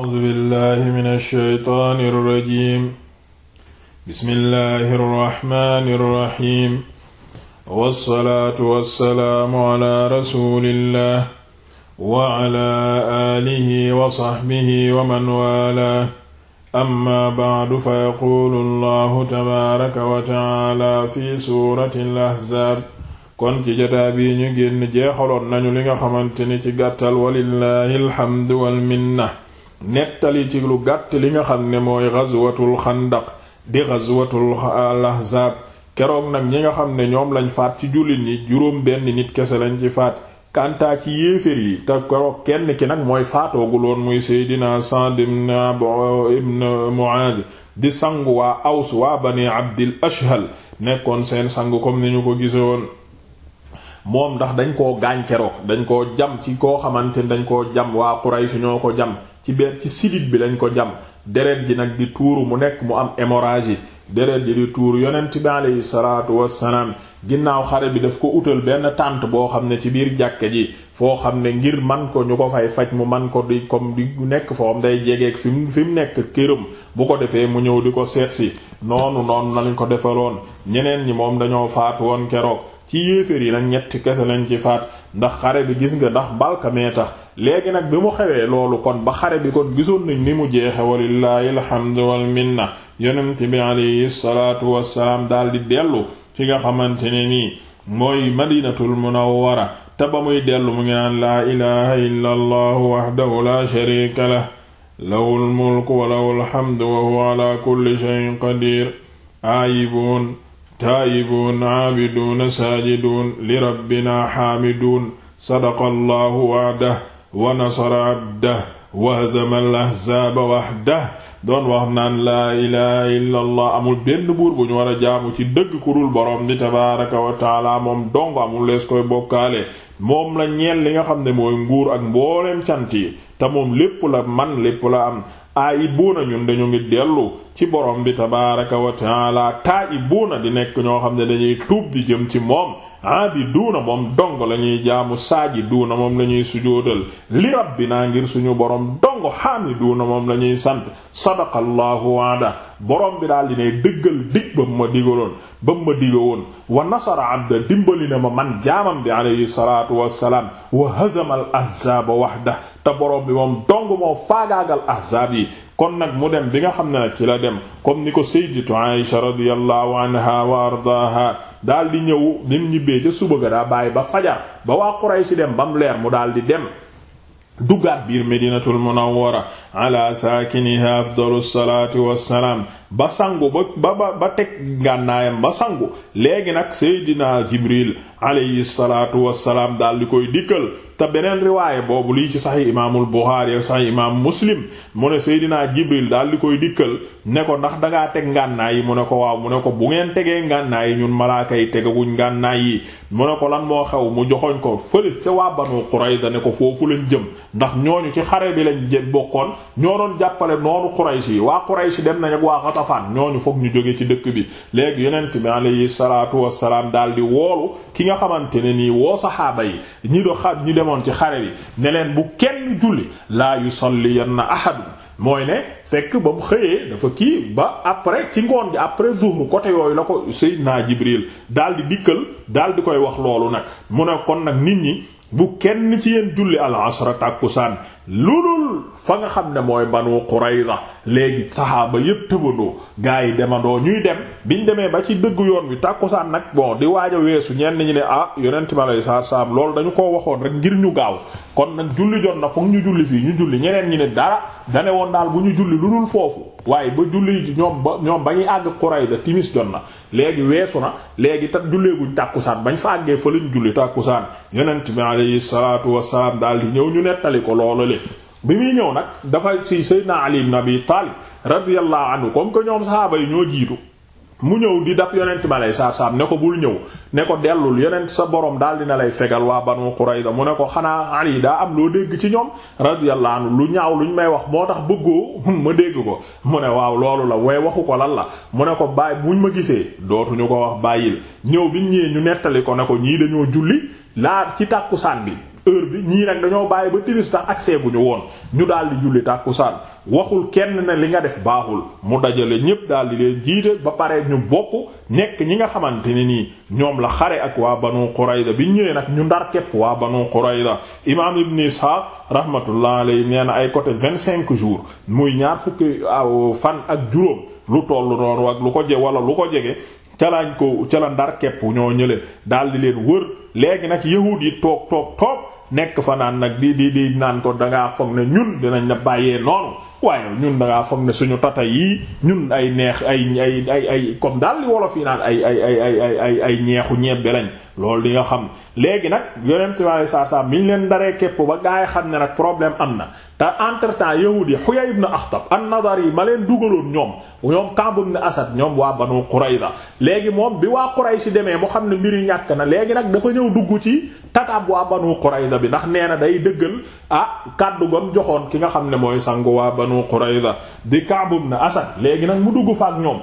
A'uuzu billaahi mina shaytaani rajiim. Bismillaahi rahmaani rahiim. Wassalaatu wassalaamu alaa rasuulillaah wa alaa aalihi wa sahbihi wa man waalaah. Ammaa ba'du fa yaquulu Allaahu tabaaraka wa ta'aalaa fi suuratil ahzaab. kon ci jataa bii ñu génn jeexaloon nañu li nga xamante ni ci gàttal walillahi alhamdu wal minna nettali ci lu gàtt li nga xam ne mooy ghazwatul xandaq di ghazwatul ahzab keroog nag ñi nga xam ne ñoom lañ faat ci jullit ñi juróom benn nit kese lañ ci faat kantaa ci yéefér yi te keroog kenn ki nag mooy faatooguloon muy seydina Sa'd ibn Mu'adh di sangu waa aws waa bani abdil ashhal nekkoon seen sangu comme ni ñu ko woon moom ndax dañ koo gaañ keroog dañ koo jam ci koo xamante ni dañ koo jam waa Quraysh ñoo ko jam ci benn ci sidit bi lañ ko jam deret ji nag di tuuru mu nekk mu am hémorragie yi deret ji di tuuru yonent bi aleyhi salaatu wassalaam ginnaaw xare bi daf ko utal benn tànt boo xam ne ci biir jàkke ji foo xam ne ngir man ko ñu ko fay faj mu man ko di comme di nekk foofu day jegeeg fi mu fi mu nekk këram bu ko defee mu ñëw di ko seetsi noonu noonu nañ ko defaloon ñeneen ñi moom dañoo faatu woon keroog ci yéeféer yi nag ñetti kese lañ ci faat ndax xare bi gis nga ndax mbalka mee tax léegi nag bi mu xewee loolu kon ba xare bi kon gisoon nañ ni mu jeexe walillahi alhamdu wal minna yonent bi alayhi salaatu wassalaam daal di dellu ci nga xamante ne nii mooy madinatul munawwara te ba muy dellu mu ngi naan laa ilaha illa allahu la sharika lah lahul mulku wa lahul hamdu wa huwa ala kulli qadir aayibuun taayibuun aabiduuna saajiduun li rabbina xaamiduun sadaqa allahu wa'dah wa nasara wa hazama al ahzaaba doon wax naan laa ilaha illa allah amul benn buur bu ñu war a jaamu ci dëgg ku dul boroom di tabaraka wa taala moom dong amul lees koy bokkaale moom la ñeel li nga xam ne mooy nguur ak mbooleem cant yi te moom lépp la man lépp la am aayibuuna ñun dañu ngi dellu ci boroom bi tabaaraka wa taala taayibuuna di nekk ñoo xam ne dañuy tuub di jëm ci moom aabiduuna moom dong la ñuy jaamu saajiduuna moom la ñuy sujjóotal li rabbinaa ngir suñu borom dong haamiduuna moom la ñuy sant sadaqallahu waada borom bi daal di ne dëggal dig ba mu ma digaloon ba mu ma woon wa nasara abda dimbali na ma man jaamam bi alayhi salaatu wassalaam wa hazamal ahzaaba wahda te borom bi dong moo faagaagal ahzaab yi kon nag mu dem bi nga xam ne nag ci la dem comme ni ko sayyidatu Aisha radiyallahu anha wa ardaaha daal di ñëw bi mu ñibbee ca suba ga daa bàyyi ba fajar ba waa Quraysh dem ba mu leer mu daal di dem duggaat biir Madinatul Munawwara ala saakiniha afdalus salaatu wassalaam ba sangu ba ba ba teg ngànnaayam ba sangu léegi nag seydina jibril alayhi salaatu wassalaam daal di koy dikkal te beneen riwaaye boobu lii ci saxi imaamul buxaari ak saxi imaam muslim mu ne seydinaa jibril daal di koy dikkal ne ko ndax dangaa teg ngànnaay yi mu ne ko waaw mu ne ko bu ngeen tegee ngànnaay yi ñun malaaka yi tegaguñ ngànnaay yi mu ne ko lan moo xew mu joxoñ ko fële ca waa banu qurayza ne ko foofu lañ jëm ndax ñooñu ci xare bi lañ jëm bokkoon ñoo doon jàppale noonu quraysh yi Ghatafaan ñooñu foog ñu jóge ci dëkk bi léegi yonent bi alayhi salaatu wassalaam daal di woolu ki nga xamante ne nii woo saxaaba yi ñi ñu demoon ci xare bi ne leen bu kenn julli laa yusalliyanna ahadun mooy ne fekk ba mu xëyee dafa kii ba après ci ngoon gi après duhru côté yooyu la ko Seydina Jibril daal di dikkal daal di koy wax loolu nag mu ne kon nag nit ñi bu kenn ci yéen julli al asra tàkkusaan lulul fa nga xam ne mooy ban banu la léegi saxaaba yépp tëbandoo gars yi demandoo ñuy dem bi ñu demee ba ci dëgg yoon wi tàkkusaan nag bon di waaja a weesu ñenn ñi ne ah yonent mi alayhi sa salaam loolu dañu ko waxoon rek ngir ñu gaaw kon nag julli jot na foog ñu julli fii ñu julli ñeneen ñi ne dara dane woon daal bu ñu julli lulul foofu waaye ba julli ñoom ba ñoom ba ñuy àgg Qurayda timis jot na léegi weesu na léegi tat julleeguñ tàkkusaan bañ fa àggee fa lañ julli tàkkusaan yonent bi alayhi salaatu wassalaam dal di ñëw ñu nettali ko loolu le bi muy ñëw nag dafa ci Seydina Ali ibn Abi Talib radiyallahu anhu comme que ñoom sahaaba yi ñoo jiitu mu ñëw di dab yonent ma lay saa saam ne ko bul ñëw ne ko dellul yonent sa borom daal dina lay fegal waa banu Qurayza mu ne ko xanaa Ali daa am loo dégg ci ñoom radiyallahu anhu lu ñaaw lu ñu may wax moo tax bëggoo ma dégg ko mu ne waaw loolu la way waxu ko lan la mu ne ko bàyyi buñ ma gisee dootuñu ko wax bàyyil ñëw biñ ñëwee ñu nettali ko ne ko ñii dañoo julli laa ci tàkkusaan bi heure bi ñii nag dañoo bàyyi ba timis tax accès bu ñu woon ñu daal di julli tàkkusaan waxul kenn ne li nga def baaxul mu dajale ñépp daal di leen jiite ba pare ñu bokk nekk ñi nga xamante ne nii ñoom la xare ak waa banu Qurayza bi ñëwee nag ñu ndar képp waa banu Qurayza imaam Ibn Ishaq rahmatullah alayhi nee na ay côté vingt cinq jours muy ñaar fukki ah, fan ak juróom lu tollu noonu ak lu ko jege wala lu ko jege calaañ ko cala ndar kepp ñoo ñële daal di leen wër léegi nag yahuud yi toog toog toog nekk fa naan nag di di di naan ko danga foog ne ñun dinañ la bàyyee noonu waaye ñun dangaa foog ne suñu tata yi ñun ay neex ay ay ay ay comme daal li wolof yi naan ay ay ay ay ay ay ñeexu ñebbe lañ loolu di nga xam léegi nag yonente bi saa saa mi ñu leen daree képp ba gaa yi xam ne nag problème am na te entre temps yahuudi Huyay ibn Akhtab an-Nadari yi ma leen dugaloon ñoom ñoom Ka'b ibn Asad ñoom waa Banu Qurayza léegi moom bi waa Quraysh demee mu xam ne mbir yi ñàkk na léegi nag dafa ñëw dugg ci tatab waa Banu Qurayza bi ndax nee na day dëggal ah kàddu gam joxoon ki nga xam ne mooy sangu waa Banu Qurayza di Ka'b ibn Asad léegi nag mu dugg fa ak ñoom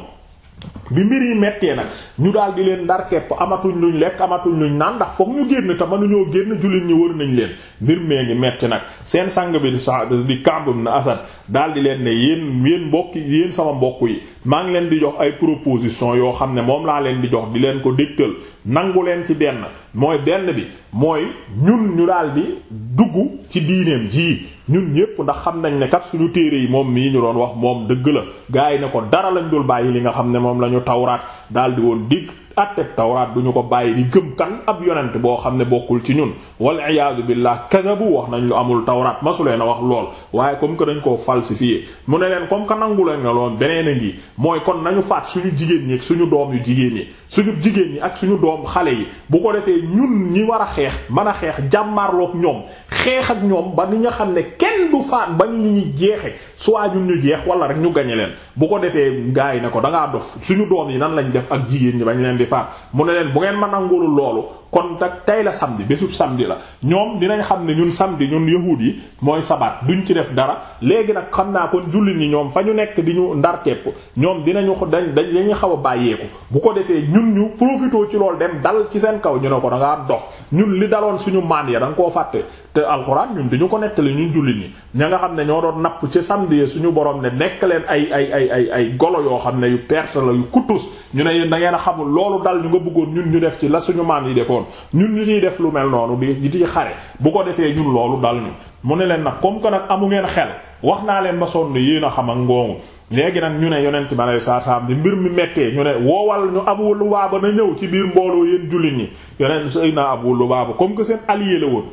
bi mbir yi mettee nag ñu daal di leen ndar amatuñ luñ lekk amatuñ luñ naan ndax foog ñu génn te mënuñoo génn jullit ñi wër nañ leen mbir mee ngi metti nag seen sang bi di sa di kàmbum na asad daal di leen ne yéen yéen mbokk yéen sama mbokk yi maa ngi leen di jox ay proposition yoo xam ne moom laa leen di jox di leen ko dégtal nangu leen ci benn mooy benn bi mooy ñun ñu daal di dugg ci diineem jii ñun ñépp ndax xam nañ ne kat suñu téere yi moom mii ñu doon wax moom dëgg la gaa yi ne ko dara lañ dul bàyyi li nga xam ne moom la ñu tawraat daldi woon dig atteg tawraat du ñu ko bàyyi di gëm kan ab yonent boo xam ne bokkul ci ñun wal iyaadu billah kadabu wax nañ lu amul tawraat masulee na wax lool waaye comme que dañ koo falsifié mu ne leen comme que nangu leen nga loon beneen a ngi mooy kon nañu faat suñu jigéen ñi suñu doom jigéen ñi suñu jigéen ñi ak suñu doom xale yi bu ko defee ñun ñi war a xeex mën a xeex jàmmaarloog ñoom xeex ak ba ni nga xam ne kenn du faat ba ni ñuy jeexe soit ñun wala rek ñu gañe leen bu ko defee gaay ne ko dangaa dof suñu doom yi nan lañ def ak jigéen ñi bañ leen faat mu ne leen bu ngeen ma nangulul loolu kon nag tey la samedi bésub samedi la ñoom dinañ xam ne ñun samedi ñun yahuud yi mooy sabaat duñ ci def dara léegi nag xam naa kon jullit ñi ñoom fa ñu nekk di ñu ndar kepp ñoom dinañu dañ dañuy xaw a bàyyeeku bu ko defee ñun ñu profitoo ci loolu dem dal ci seen kaw ñu ne ko da ngaa dof ñun li daloon suñu maan ya da koo fàtte te alxuraan ñun dañu ko nettali ñun jullit ñi ña nga xam ne ñoo doon napp ci samedi suñu borom ne nekk leen ay ay ay golo yoo xam ne yu perte la yu kutus ñu ne yéen da ngeen a xamul loolu dal ñu nga bëggoon ñun ñu def ci la suñu maam yi defoon ñun ñu ciy def lu mel noonu di di xare bu ko defee ñun loolu dal ñu mu ne leen nag comme que nag amu ngeen xel wax naa leen ba sonn yéen a xam ak ngooŋu léegi nag ñu ne yonent ma lay saa saam bi mbir mi mettee ñu ne woowal ñu Abu Lubaaba na ñëw ci biir yéen jullit ñi yonent Seydina Abu Lubaaba comme que seen allié la woon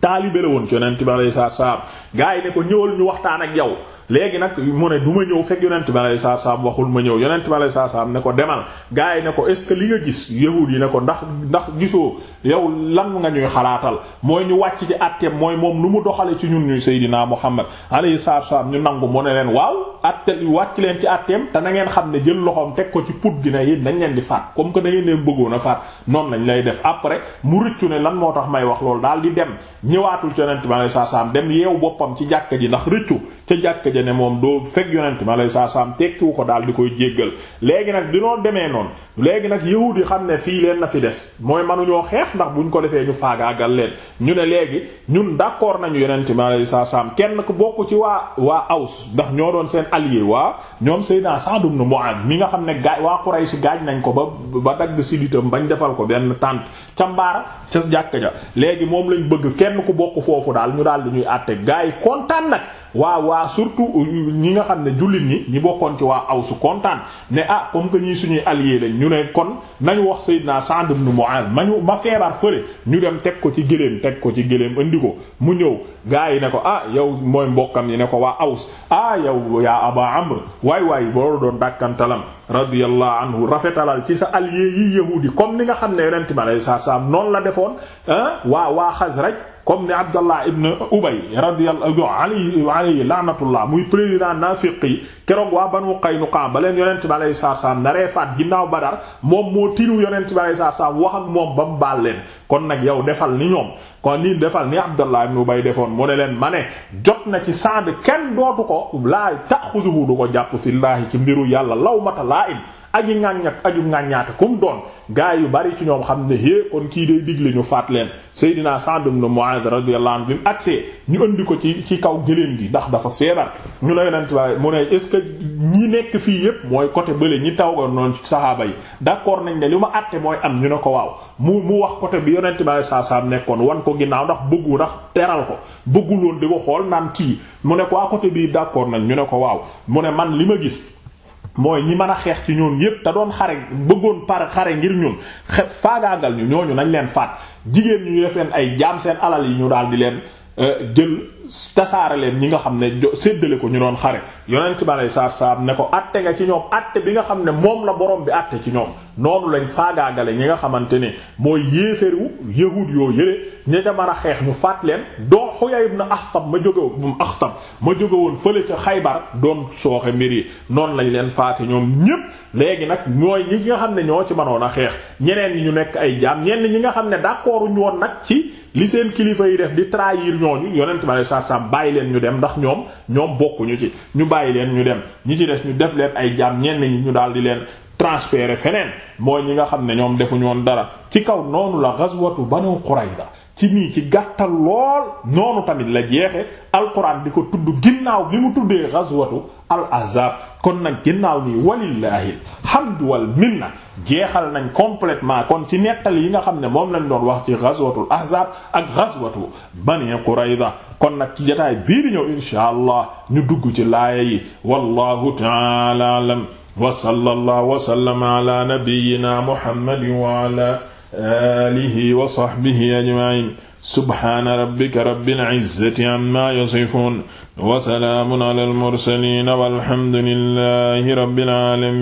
taalibe la woon ci yonent bi alayhi salaam gaa yi ne ko ñëwal ñu waxtaan ak yow léegi nag mu ne du ma ñëw fekk yonent bi alayhi salaam waxul ma ñëw yonent bi alayhi salaam ne ko demal gars yi ne ko est-ce que li nga gis yahud yi ne ko ndax ndax gisoo yow lan nga ñuy xalaatal mooy ñu wàcc ci atteem mooy moom lu mu doxale ci ñun ñu Seydina Muhammad alayhi salaam ñu nangu mu ne leen waaw atte wàcc leen ci atteem te na ngeen xam ne jël loxoom teg ko ci put gi ne yéen dañ leen di faat comme que da ngeen leen bëggoon a faat noonu lañ lay def après mu rëccu ne lan moo tax may wax loolu daal di dem ñëwaatul ci yonent bi alayhi salaam dem yeew boppam ci jàkka ji ndax rëccu ca jàkk ja ne moom doo fekk yonent ma lay saa saam tekkiwu ko daal di koy jéggal léegi nag dinoo demee noonu léegi nag yahud yi xam ne fii leen na fi des mooy manuñoo xeex ndax buñ ko defee ñu faagaagal leen ñu ne léegi ñun d'accord nañu yonent ma lay kenn ku bokk ci waa waa Aws ndax ñoo doon seen allié waa ñoom Seydina Sa'd ibn Mu'adh mi nga xam ne gaay waa si gaañ nañ ko ba ba dagg si siditam bañ defal ko benn tànt ca mbaar ca jàkk ja léegi moom lañ bëgg kenn ku bokk foofu daal ñu daal di ñuy àtte gaay kontaan nag waa waa waa surtout ñi nga xam ne jullit ñi ñi bokkoon ci waa Aws kontaan ne ah comme que ñii suñuy allié lañ ñu ne kon nañu wax Sayyidna Sa'd ibn Mu'adh ma ñu ma feebar fële ñu dem teg ko ci géléem teg ko ci géléem andi ko mu ñëw gaa yi ne ko a ah, yow mooy mbokkam yi ne ko waa Aws a ah, yow yaa Aba Amr waay waay boo doon dàkkantalam radiyallahu anhu rafetalal ci sa allié yi yahuudi comme ni nga xam ne yonent saa saa salaam noonu la defoon ah, waa waa xas rek comme ni Abdallah ibn Ubay radiyallahu anhu alayhi laanatullah muy président nafiq yi keroog waa banu Qaynuqa ba leen yonent bi alayhi salaatu salaam naree faat ginnaaw Badar moom moo tinu yonent bi alayhi salaatu salaam wax moom ba mu baal leen kon nag yow defal ni ñoom kon nii defal ni Abdallah ibn Ubay defoon mu ne leen ma ne jot na ci Saad kenn dootu ko laa ta'xuduhu du ko jàpp fillaahi ci mbiru yàlla lawmata laa'im aji ŋàññat aju ŋàññaate kum doon gaa yu bari ci ñoom xam ne hé kon kii day digle ñu faat leen Seydina Sa'd sa Mu'adh radiyallahu anhu bi mu agsee ñu indi ko ci ci kaw gëléem gi ndax ñi nekk fii yépp mooy côté bële ñi taw noonu ci saxaaba yi d'accord nañ ne li ma àtte mooy am ñu ne ko waaw mu mu wax côté bi yonent bi saa saa nekkoon wan ko ginnaaw ndax bëggu ndax teral ko bëggul woon di ko xool naan kii mu ne ko waa côté bii d'accord nañ ñu ne ko waaw mu ne man li ma gis. mooy ñi mën a xeex ci ñun yépp te doon xare bëggoon par xare ngir ñun faagaagal ñu ñooñu nañ leen faat jigéen ñu def leen ay jaam seen alal yi ñu daal di leen. Euh, jël tasaare leen ñi nga xam ne jo séddale ko ñu doon xare yonent bi aleyhi salaatu salaam ne ko àtte nga ci ñoom àtte bi nga xam ne moom la borom bi àtte ci ñoom noonu lañ faagaagale ñi nga xamante ne mooy yéeféru yahud yoo yële ña ca man a xeex ñu faat leen doo Huyay ibn Akhtab ma jóge woon Akhtab ma jóge woon fële ca Xaybar doom sooxe mbir yi noonu lañ leen faate ñoom ñépp léegi nag ñooy ñi nga xam ne ñoo ci manoon a xeex ñeneen ñu nekk ay jaam ñenn ñi nga xam ne d'accorduñu woon li seen kilifa yi def di trahir ñooñu yonent ma ne saa saa bàyyi leen ñu dem ndax ñoom ñoom bokkuñu ci ñu bàyyi leen ñu dem ñi ci des ñu def leen ay jaam ñenn ñi ñu daal di leen transféré feneen mooy ñi nga xam ne ñoom defuñu woon dara ci kaw noonu la ghazwatu Banu Qurayza ci nii ci gàttal lool noonu tamit la jeexe alquran di ko tudd ginnaaw bi mu tuddee ghazwatu al Ahzab kon nag ginnaaw nii walillahi hamdu wal minna jeexal nañ complètement kon ci nettali yi nga xam ne moom lañ doon wax ci ghazwatul ahzab ak ghazwatu bani qurayza kon nag ci jotaay bii di ñëw insha allah ñu dugg ci laaya yi wallahu ta'ala alam wa sallallahu wa sallama ala nabiyyina muhammadin wa ala alihi wa sahbihi ajma'in subhana rabbika rabbil izzati amma yasifun wa salamun ala al mursalin walhamdulillahi rabbil alamin